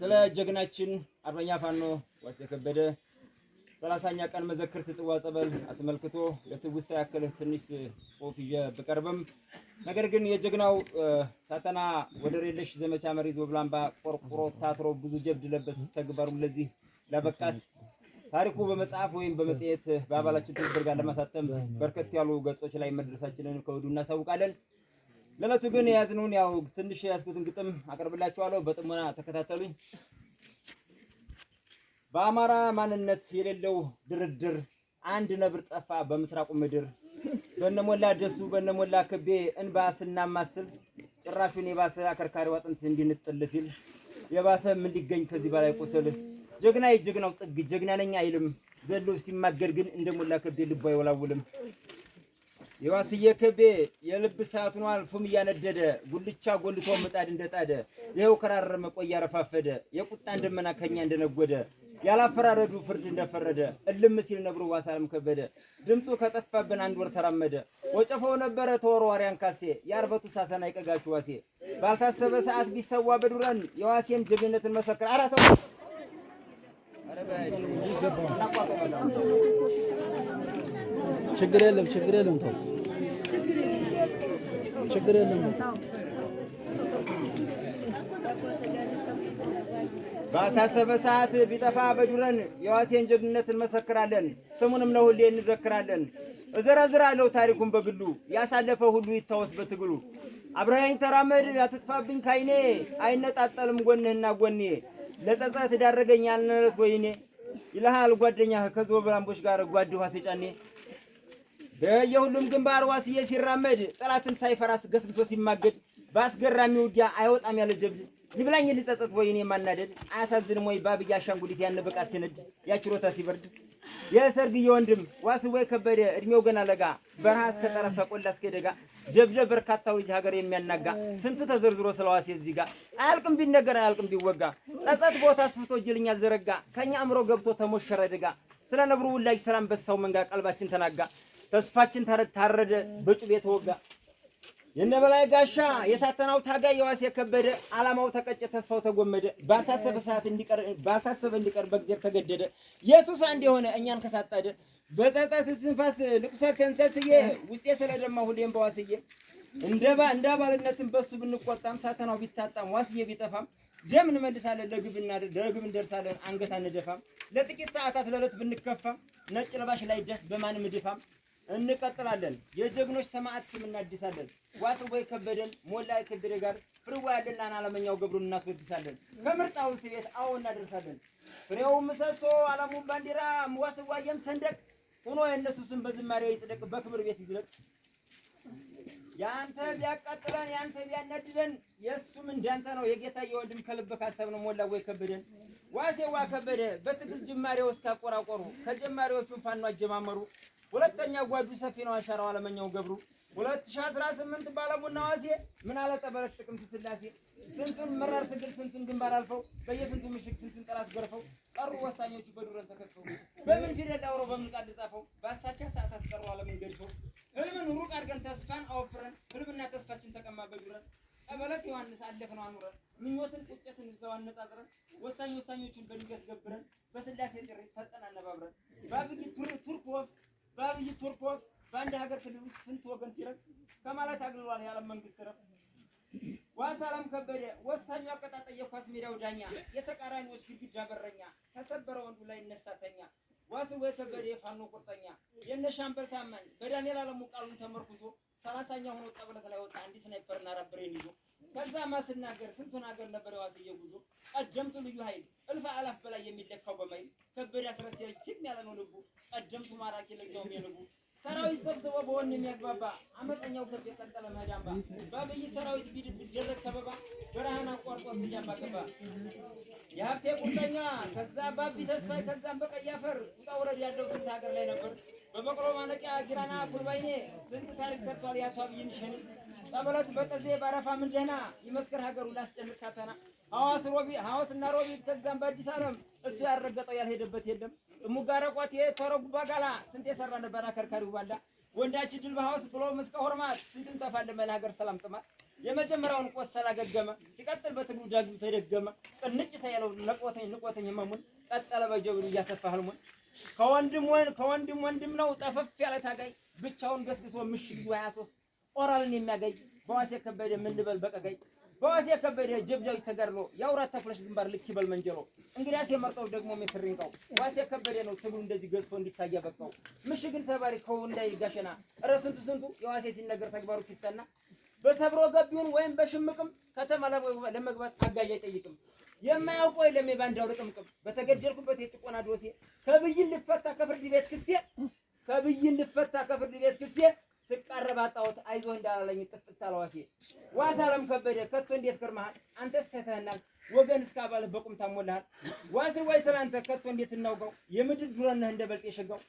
ስለ ጀግናችን አርበኛ ፋኖ ዋሴ ከበደ ሰላሳኛ ቀን መዘክር ትጽዋ ጸበል አስመልክቶ ለትውስታ ያክል ትንሽ ጽሁፍ ይዤ ብቀርብም ነገር ግን የጀግናው ሳተና ወደር የለሽ ዘመቻ መሪ ዞብላምባ ቆርቆሮ ታትሮ ብዙ ጀብድ ለበስ ተግባሩም ለዚህ ለበቃት ታሪኩ በመጽሐፍ ወይም በመጽሔት በአባላችን ትብብር ጋር ለማሳተም በርከት ያሉ ገጾች ላይ መድረሳችንን ከወዲሁ እናሳውቃለን። ለእለቱ ግን የያዝነውን ያው ትንሽ የያዝኩትን ግጥም አቀርብላችኋለሁ። በጥሞና ተከታተሉኝ። በአማራ ማንነት የሌለው ድርድር አንድ ነብር ጠፋ በምስራቁ ምድር። በነሞላ ደሱ በነሞላ ክቤ እንባ ስናማስል ጭራሹን የባሰ አከርካሪው አጥንት እንዲንጥል ሲል የባሰ ምን ሊገኝ ከዚህ በላይ ቁስል። ጀግና የጀግናው ጥግ ጀግና ነኝ አይልም ዘሎ ሲማገድ ግን እንደሞላ ክቤ ልቡ አይወላውልም። የዋስዬ ከቤ የልብ ነው አልፎም እያነደደ ጉልቻ ጎልቶ ምጣድ እንደጣደ ይኸው ከራረ መቆያ ረፋፈደ የቁጣን ደመና ከኛ እንደነጎደ ያላፈራረዱ ፍርድ እንደፈረደ እልም ሲል ነብሮ ዋሳለም ከበደ ድምፁ ከጠፋብን አንድ ወር ተራመደ ወጨፈው ነበረ ተወርዋሪ አንካሴ የአርበቱ ሳተና ይቀጋችሁ ዋሴ ባልታሰበ ሰዓት ቢሰዋ በዱራን የዋሴም ጀግንነትን መሰከረ አራተው ችግር የለም ችግር የለም ተው ችግር የለም። ባልታሰበ ሰዓት ቢጠፋ በዱረን የዋሴን ጀግንነት እንመሰክራለን፣ ስሙንም ለሁሌ እንዘክራለን። እዘረዝራለሁ ታሪኩን በግሉ ያሳለፈ ሁሉ ይታወስ በትግሉ። አብረኸኝ ተራመድ አትጥፋብኝ ካይኔ፣ አይነጣጠልም ጎንህና ጎኔ፣ ለጸጸት ዳረገኝ አልነረት ወይኔ ይልሃል ጓደኛህ ከዞበላምቦች ጋር ጓድ ዋሴ ጫኔ በየሁሉም ግንባር ዋስዬ ሲራመድ ጠላትን ሳይፈራስ ገስግሶ ሲማገድ በአስገራሚ ውጊያ አይወጣም ያለ ጀብድ ይብላኝ ልጸጸት እኔ ማናደድ አያሳዝንም ወይ ባብያ አሻንጉሊት ያን ብቃት ሲነድ ያችሮታ ሲበርድ የሰርግዬ ወንድም ዋስዌ ከበደ እድሜው ገና ለጋ በረሃ እስከ ጠረፈ ቆላ እስከ ደጋ ጀብደ በርካታው ልጅ ሀገር የሚያናጋ ስንቱ ተዘርዝሮ ስለዋሴ እዚህ ጋ አያልቅም ቢነገር አያልቅም ቢወጋ ጸጸት ቦታ ስፍቶ ጅልኛ ዘረጋ ከኛ አእምሮ ገብቶ ተሞሸረ ድጋ ስለ ነብሩ ውላጅ ሰላም በሳው መንጋ ቀልባችን ተናጋ ተስፋችን ታረደ፣ በጩቤ ተወጋ። የነበላይ ጋሻ የሳተናው ታጋይ የዋስ የከበደ ዓላማው ተቀጨ፣ ተስፋው ተጎመደ። ባልታሰበ ሰዓት እንዲቀር ባልታሰበ እንዲቀር በእግዜር ተገደደ። ኢየሱስ አንድ የሆነ እኛን ከሳጣደ በጸጸት ትንፋስ ልቁሰት ተንሰልስዬ ውስጤ ስለደማ ሁሌም በዋስዬ እንደባ እንደ አባልነትን በሱ ብንቆጣም ሳተናው ቢታጣም ዋስዬ ቢጠፋም ደም እንመልሳለን ለግብ ለግብ እንደርሳለን አንገት አንደፋም ለጥቂት ሰዓታት ለዕለት ብንከፋም ነጭ ለባሽ ላይ ደስ በማንም ድፋም እንቀጥላለን። የጀግኖች ሰማዕት ስም እናድሳለን። ዋስቦይ ከበደን፣ ሞላ ከበደ ጋር ፍርዋ ያለና አለመኛው ገብሩን እናስወድሳለን። ከምርጥ ሐውልት ቤት አዎ እናደርሳለን። ፍሬው ምሰሶ፣ አለሙ ባንዲራ፣ ዋስዋየም ሰንደቅ ሆኖ የእነሱ ስም በዝማሬ ይጽደቅ፣ በክብር ቤት ይዝለቅ። ያንተ ቢያቃጥለን ያንተ ቢያነድደን የእሱም እንዳንተ ነው የጌታ የወንድም ከልብ ካሰብ ነው። ሞላ ወይ ከበደን ዋሴዋ ከበደ በትግል ጅማሬው እስካቆራቆሩ ከጀማሪዎቹ ፋኖ አጀማመሩ ሁለተኛ ጓዱ ሰፊ ነው አሻራው አለመኛው ገብሩ 2018 ባለቡና ዋሴ ምን አለ ጠበረት ጥቅምት ስላሴ ስንቱን መራር ትግል ስንቱን ግንባር አልፈው በየስንቱ ምሽግ ስንቱን ጠላት ገርፈው ቀሩ ወሳኞቹ በዱረን ተከፈው በምን ፊደል አውሮ በምን ቃል ጻፈው በአሳቻ ሰዓታት ቀሩ አለምን ገድፈው ህልምን ሩቅ አድርገን ተስፋን አወፍረን ህልምና ተስፋችን ተቀማ በዱረን ቀበለት ዮሐንስ አለፍ ነው አኑረን ምኞትን ቁጭትን እዛው አነጻጽረን ወሳኝ ወሳኞቹን በድንገት ገብረን በስላሴ ጥሪ ሰጠን አነባብረን በአብጊ ቱርክ ወፍ በአብይ ቱርክ ወፍ በአንድ ሀገር ክልል ውስጥ ስንት ወገን ሲረግፍ ከማለት አግልሏል የዓለም መንግስት ረፍ ዋሳላም ከበደ ወሳኙ አቀጣጣይ የኳስ ሜዳው ዳኛ የተቃራኒዎች ግድግዳ በረኛ ተሰበረ ወንዱ ላይ ይነሳተኛ ዋስው የከበደ የፋኖ ቁርጠኛ የነሻምበር ታማኝ በዳንኤል አለሙ ቃሉን ተመርኩዞ ሰላሳኛ ሆኖ ጠብለት ላይ ወጣ አንዲት ስናይፐርና ረብሬን ይዞ ከዛማ ስናገር ስንቱን ሀገር ነበር የዋስየ ጉዞ ቀደምቱ ልዩ ኃይል እልፍ አላፍ በላይ የሚለካው በማይ ከበድ ያስረሴችም ያለ ነው ልቡ ቀደምቱ ማራኪ ለዚያውም የልቡ ሰራዊት ሰብስቦ በወን የሚያግባባ አመፀኛው ከፍ የቀጠለ መዳንባ በአብይ ሰራዊት ቢድት ቢደረግ ከበባ በረሃን አቋርጦ እያምባ ገባ የሀብቴ ቁርጠኛ ከዛ ባቢ ተስፋይ ከዛም በቀይ አፈር ውጣ ውረድ ያለው ስንት ሀገር ላይ ነበር በበቅሎ ማለቂያ ጊራና ኩልባይኔ ስንት ታሪክ ሰርቷል ያቷ ብይን ጸበለት በጠዜ ባረፋ ምንደና ይመስከር ሀገሩ ላስጨንቅ ሳተና ሐዋስ ሮቢ እና ሮቢ ከዛም በአዲስ ዓለም እሱ ያረገጠው ያልሄደበት የለም። እሙጋረቋት የተረጉባ ባጋላ ስንት የሰራ ነበር አከርካሪ ባላ ወንዳች ድል በሐዋስ ብሎ መስቀ ሆርማት ስንትም ጠፋል ለሀገር ሰላም ጥማት የመጀመሪያውን ቆሰላ ገገመ ሲቀጥል በትግሉ ዳግም ተደገመ ቅንጭ ሳይለው ነቆተኝ ንቆተኝ ህመሙን ቀጠለ በጀብሩ እያሰፋ ህልሙን ከወንድም ወንድም ነው ጠፈፍ ያለ ታጋይ ብቻውን ገስግሶ ምሽግ 23 ኦራልን የሚያገኝ በዋሴ ከበደ ምን ልበል በቀቀኝ በዋሴ ከበደ ጀብጃዊ ተገርሎ የአውራት ተክለሽ ግንባር ልክ ይበል መንጀሎ እንግዲያስ የመርጠው ደግሞ መስሪንቀው ዋሴ ከበደ ነው ትግሉ እንደዚህ ገዝፎ እንዲታይ ያበቃው ምሽግን ሰባሪ ከው ላይ ጋሸና ኧረ ስንቱ ስንቱ የዋሴ ሲነገር ተግባሩ ሲጠና በሰብሮ ገቢውን ወይም በሽምቅም ከተማ ለመግባት አጋዥ አይጠይቅም። የማያውቀው የለም የባንዳው ልቅምቅም። በተገደልኩበት የጭቆና ዶሴ ከብይን ልፈታ ከፍርድ ቤት ክሴ ከብይን ልፈታ ከፍርድ ቤት ክሴ ስቃረብ አጣሁት አይዞህ እንዳላለኝ ጥፍት አለዋሴ ዋሳ አለም ከበደ ከቶ እንዴት ከርመሃል? አንተ ተተህናል ወገን እስከ አባልህ በቁምታ ሞልሃል። ዋስን ወይ ስላንተ ከቶ እንዴት እናውቀው? የምድር ዱረነህ እንደ በልጥ የሸጋው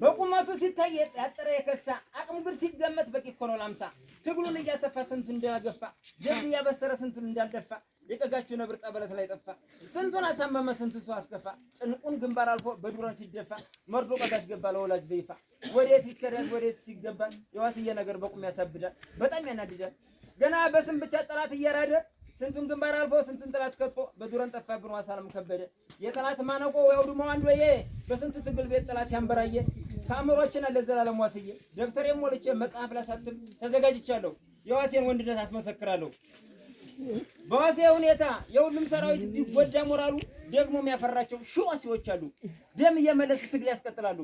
በቁመቱ ሲታይ ያጠረ የከሳ አቅሙ ግን ሲገመት በቂ እኮ ነው ለአምሳ ትግሉን እያሰፋ ስንቱን እንዳገፋ ጀብ እያበሰረ ስንቱን እንዳልደፋ የቀጋችሁ ነብር ጠበለት ላይ ጠፋ። ስንቱን አሳመመ፣ ስንቱን ሰው አስከፋ። ጭንቁን ግንባር አልፎ በዱረን ሲደፋ መርዶ ቀጋች ገባ ለወላጅ በይፋ። ወዴት ይከዳል ወዴት ሲገባል የዋስዬ ነገር በቁም ያሳብዳል። በጣም ያናድዳል። ገና በስም ብቻ ጠላት እያራደ ስንቱን ግንባር አልፎ ስንቱን ጠላት ከፎ በዱረን ጠፋብን አሳለም ከበደ። የጠላት ማነቆ ያውድሞ አንድ ወዬ በስንቱ ትግል ቤት ጠላት ያንበራየ ታምሮችን አለ ዘላለም ዋስዬ ደብተሬ ሞልቼ መጽሐፍ ላሳትም ተዘጋጅቻለሁ። የዋሴን ወንድነት አስመሰክራለሁ። በዋሴ ሁኔታ የሁሉም ሰራዊት ቢጎዳ ሞራሉ ደግሞ የሚያፈራቸው ሸዋሴዎች አሉ። ደም እየመለሱ ትግል ያስቀጥላሉ።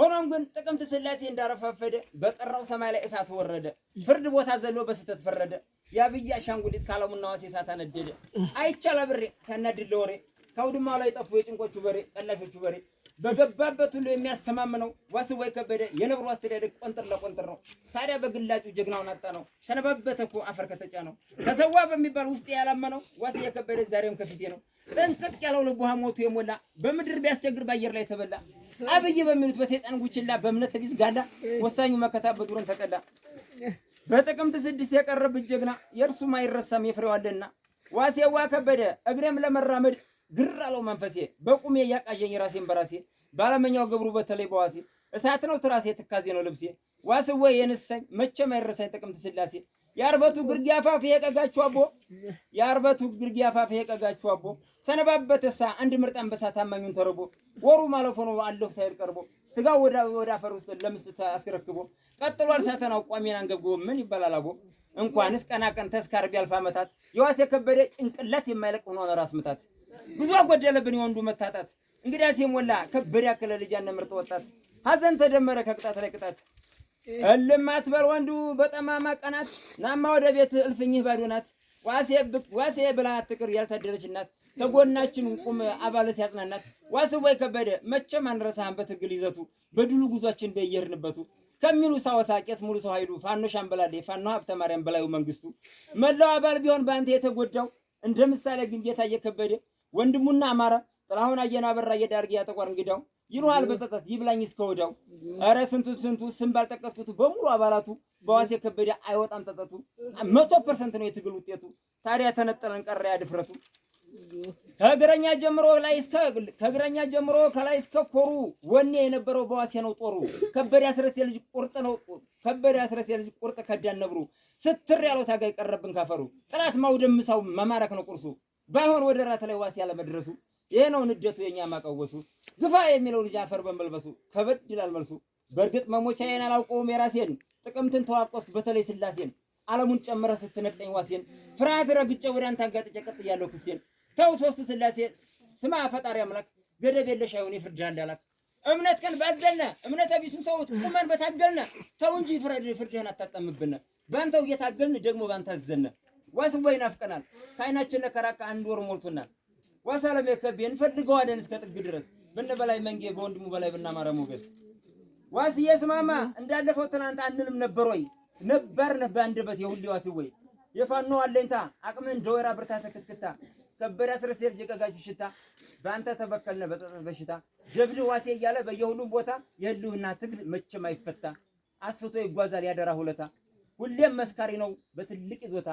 ሆኖም ግን ጥቅምት ስላሴ እንዳረፋፈደ በጠራው ሰማይ ላይ እሳት ወረደ። ፍርድ ቦታ ዘሎ በስተት ፈረደ። የአብይ አሻንጉሊት ካለሙና ዋሴ እሳት አነደደ። አይቻል ብሬ ሲያናድድ ወሬ ከውድማ ላይ ጠፉ የጭንቆቹ በሬ ቀላሾቹ በሬ በገባበት ሁሉ የሚያስተማምነው ወይ የከበደ የነብሩ አስተዳደግ ቆንጥር ለቆንጥር ነው። ታዲያ በግላጩ ጀግናውን አጣ ነው። ሰነባበተ እኮ አፈር ከተጫ ነው። ተሰዋ በሚባል ውስጥ ያላመነው ዋስ የከበደ ዛሬም ከፊቴ ነው። ጥንቅቅ ያለው ልቡ ሞቱ የሞላ በምድር ቢያስቸግር በአየር ላይ ተበላ። አብይ በሚሉት በሰይጣን ጉችላ በእምነት ቢስ ጋላ ወሳኙ መከታ በዱረን ተቀላ። በጥቅምት ስድስት የቀረብት ጀግና የእርሱም አይረሳም የፍሬዋለና ዋሴዋ ከበደ እግሬም ለመራመድ ግር አለው መንፈሴ በቁሜ እያቃዠኝ ራሴን በራሴ ባለመኛው ገብሩ በተለይ በዋሴ እሳት ነው ትራሴ ትካዜ ነው ልብሴ ዋስዌ የንሳኝ መቼም አይረሳኝ ጥቅምት ስላሴ የአርበቱ ግርጌ አፋፍ የቀጋችሁ አቦ የአርበቱ ግርጌ አፋፍ የቀጋችሁ አቦ ሰነባበተሳ አንድ ምርጥ አንበሳ ታማኙን ተረቦ ወሩ ማለፎ ነው አለሁ ሳይል ቀርቦ ስጋው ወደ ወደ አፈር ውስጥ ለምስት አስከረክቦ ቀጥሏል ሳተናው ቋሚን አንገብግቦ ምን ይባላል አቦ እንኳንስ ቀናቀን ተስካር ቢያልፍ ዓመታት የዋሴ የከበደ ጭንቅላት የማይለቅ ሆኖ ራስ ምታት ብዙ አጎደለብን የወንዱ መታጣት። እንግዲያስ የሞላ ከበድ ያክለ ልጅ ያነ ምርጥ ወጣት ሀዘን ተደመረ ከቅጣት ላይ ቅጣት። እልም አትበል ወንዱ በጠማማ ቀናት ናማ ወደ ቤት እልፍኝህ ባዶ ናት። ዋሴ ብላ አትቅር ያልታደረች እናት ተጎናችን ቁም አባለ ሲያጽናናት ወይ ከበደ መቼም አንረሳህም በትግል ይዘቱ በድሉ ጉዟችን በየርንበቱ ከሚሉ ሳወሳ ቄስ ሙሉ ሰው ኃይሉ ፋኖ ሻምበላሌ ፋኖ ሀብተ ማርያም በላዩ መንግስቱ መላው አባል ቢሆን በአንተ የተጎዳው እንደ ምሳሌ ግን ጌታ እየከበደ ወንድሙና አማራ ጥላሁን አየና በራ የዳርጌ ያጠቋር እንግዳው ይሉሃል በጸጸት ይብላኝ እስከወዳው ኧረ ስንቱ ስንቱ ስም ባልጠቀስኩት በሙሉ አባላቱ በዋሴ ከበደ አይወጣም ጸጸቱ። መቶ ፐርሰንት ነው የትግል ውጤቱ። ታዲያ ተነጠለን ቀረ ያድፍረቱ ድፍረቱ ከእግረኛ ጀምሮ ላይ እስከ ከእግረኛ ጀምሮ ከላይ እስከ ኮሩ ወኔ የነበረው በዋሴ ነው ጦሩ። ከበደ አስረስ የልጅ ቁርጥ ነው ከበደ አስረስ የልጅ ቁርጥ ከዳን ነብሩ ስትር ያለው ታጋይ ቀረብን ካፈሩ። ጥላት ማውደምሳው መማረክ ነው ቁርሱ ባይሆን ወደ ራተ ላይ ዋስ ያለመድረሱ ይሄ ነው ንደቱ የኛ ማቀወሱ ግፋ የሚለው ልጅ አፈር በመልበሱ ከበድ ይላል መልሱ። በእርግጥ መሞቻዬን አላውቀውም የራሴን ጥቅምትን ተዋቆስኩ በተለይ ስላሴን ዓለሙን ጨምረ ስትነጥቀኝ ዋሴን ፍርሃት ረግጬ ወደ አንተ አንጋጥጬ ቀጥ እያለሁ ክሴን ተው ሶስቱ ስላሴ ስማ ፈጣሪ አምላክ ገደብ የለሽ አይሁን ይፍርድሃል ያላክ እምነት ቀን ባዘልና እምነት ቢሱን ሰውት ቁመን በታገልና ተው እንጂ ፍርድህን አታጠምብን በአንተው እየታገልን ደግሞ ባንተ አዘነ ወስቦ ይናፍቀናል። ከአይናችን ለከራካ አንድ ወር ሞልቶናል። ወሰለም የከቤ እንፈልገዋለን እስከ ጥግ ድረስ በላይ መንጌ በወንድሙ በላይ ብናማረ ሞገስ ዋስ የስማማ እንዳለፈው ትናንት አንልም ነበር ወይ ነበር ነበር አንደበት የሁሌ ዋስ ወይ የፋኖ አለኝታ አቅምህ እንደወይራ ብርታ ተክትክታ ከበዳ ስርሴር ጀቀጋጁ ሽታ በአንተ ተበከልነ በጸጸት በሽታ ጀብድ ዋሴ እያለ በየሁሉም ቦታ የህልውና ትግል መቼም አይፈታ አስፍቶ ይጓዛል ያደራ ሁለታ ሁሌም መስካሪ ነው በትልቅ ይዞታ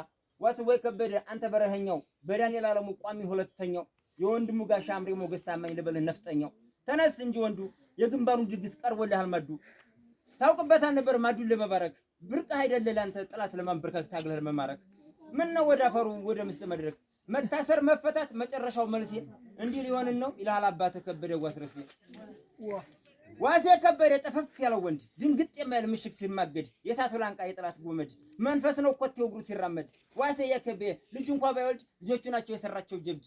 ወይ ከበደ አንተ በረሀኛው በዳንኤል አለሙ ቋሚ ሁለተኛው የወንድሙ ጋሻ አምሬ ሞገስ ታማኝ ልበልህ ነፍጠኛው ተነስ እንጂ ወንዱ የግንባሩን ድግስ ቀርቦልሃል ማዱ ታውቅበታል ነበር ማዱን ለመባረክ ብርቅ አይደለ ላንተ ጥላት ለማንበርከክ ታግለህ ለመማረክ ምን ነው ወደ አፈሩ ወደ ምስጥ መድረክ መታሰር መፈታት መጨረሻው መልሴ እንዲህ ሊሆንን ነው ይልሃል አባተ ከበደ ዋስረሴ ዋሴ ከበደ ጠፈፍ ያለው ወንድ ድንግጥ የማይል ምሽግ ሲማገድ የእሳት ላንቃ የጠላት ጎመድ መንፈስ ነው ኮቴው እግሩ ሲራመድ ዋሴ የከበ ልጅ እንኳ ባይወልድ ልጆቹ ናቸው የሰራቸው ጀብድ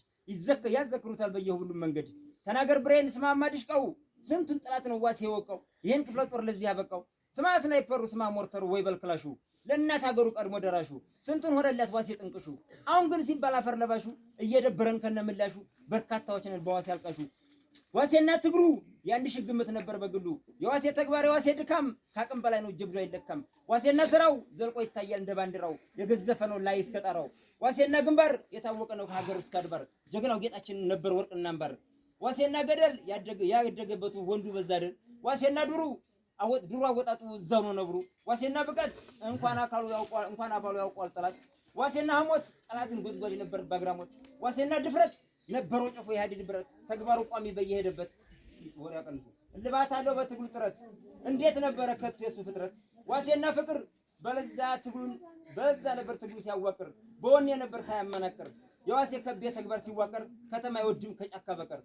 ያዘክሩታል በየሁሉም መንገድ። ተናገር ብሬን ስማማ ድሽቀው ስንቱን ጠላት ነው ዋሴ የወቀው ይህን ክፍለ ጦር ለዚህ ያበቃው። ስማ ስናይፐሩ ስማ ሞርተሩ ወይ በልክላሹ ለእናት ሀገሩ ቀድሞ ደራሹ ስንቱን ሆነላት ዋሴ ጥንቅሹ። አሁን ግን ሲባል አፈር ለባሹ እየደበረን ከነምላሹ በርካታዎች ነን በዋሴ አልቃሹ ዋሴና ትግሩ የአንድ ሺህ ግምት ነበር በግሉ የዋሴ ተግባር የዋሴ ድካም ከአቅም በላይ ነው፣ ጀብዱ አይለካም። ዋሴና ስራው ዘልቆ ይታያል እንደ ባንዲራው የገዘፈ ነው ላይ እስከ ዋሴና ግንባር የታወቀ ነው ከሀገር እስከ አድባር ጀግናው ጌጣችን ነበር ወርቅና አምባር። ዋሴና ገደል ያደገበቱ ወንዱ በዛደ ዋሴና ዱሩ ዱሩ አወጣጡ እዛው ነው ነብሩ። ዋሴና ብቃት እንኳን አካሉ ያውቋል እንኳን አባሉ ያውቋል ጠላት። ዋሴና ሐሞት ጠላትን ጎዝጓዥ ነበር በአግራሞት ዋሴና ድፍረት ነበረው ጭፎ ኢህአዴግ ብረት ተግባሩ ቋሚ በየሄደበት ወሪያ አቀንሱ እልባት አለው በትግሉ ጥረት እንዴት ነበረ ከቱ የሱ ፍጥረት ዋሴና ፍቅር በለዛ ትግሉን በዛ ነበር ትግሉ ሲያዋቅር በወኔ ነበር ሳያመናቅር የዋሴ ከቤ ተግባር ሲዋቀር ከተማ አይወድም ከጫካ በቀር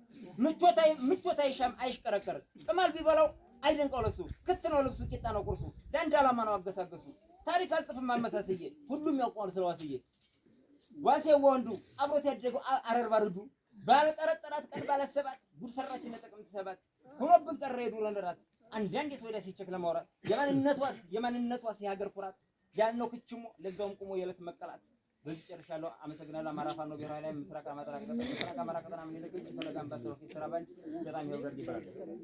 ምቾታ ይሻም አይሽቀረቀር ቅማል ቢበላው አይደንቀው ለሱ ክት ነው ልብሱ ቂጣ ነው ቁርሱ ለአንድ አላማ ነው አገሳገሱ ታሪክ አልጽፍም አመሳስዬ ሁሉም ያውቀዋል ስለዋስዬ ዋሴ ወንዱ አብሮት ያደገው አረር ባርዱ ባልጠረጠራት ቀን ባላሰባት ጉድ ሰራች ሰራችን ጥቅምት ሰባት ሆኖብን ቀረ የዱሮ ንራት አንዳንዴ ሰው ወዲያ ሲቸክ ለማውራት የማንነት ዋስ የማንነት ዋስ የሀገር ኩራት ያልነው ክችሞ ለዛውም ቁሞ የዕለት መቀላት በዚህ ጨርሻለሁ። አመሰግናለሁ። አማራ ፋኖ ብሔራዊ ላይ ምስራቅ አማራ ከተማ ምስራቅ አማራ ከተማ ምን ይልቅ ተለጋምባ ሰው ሲሰራ ባንድ በጣም ይወርድ ይባላል።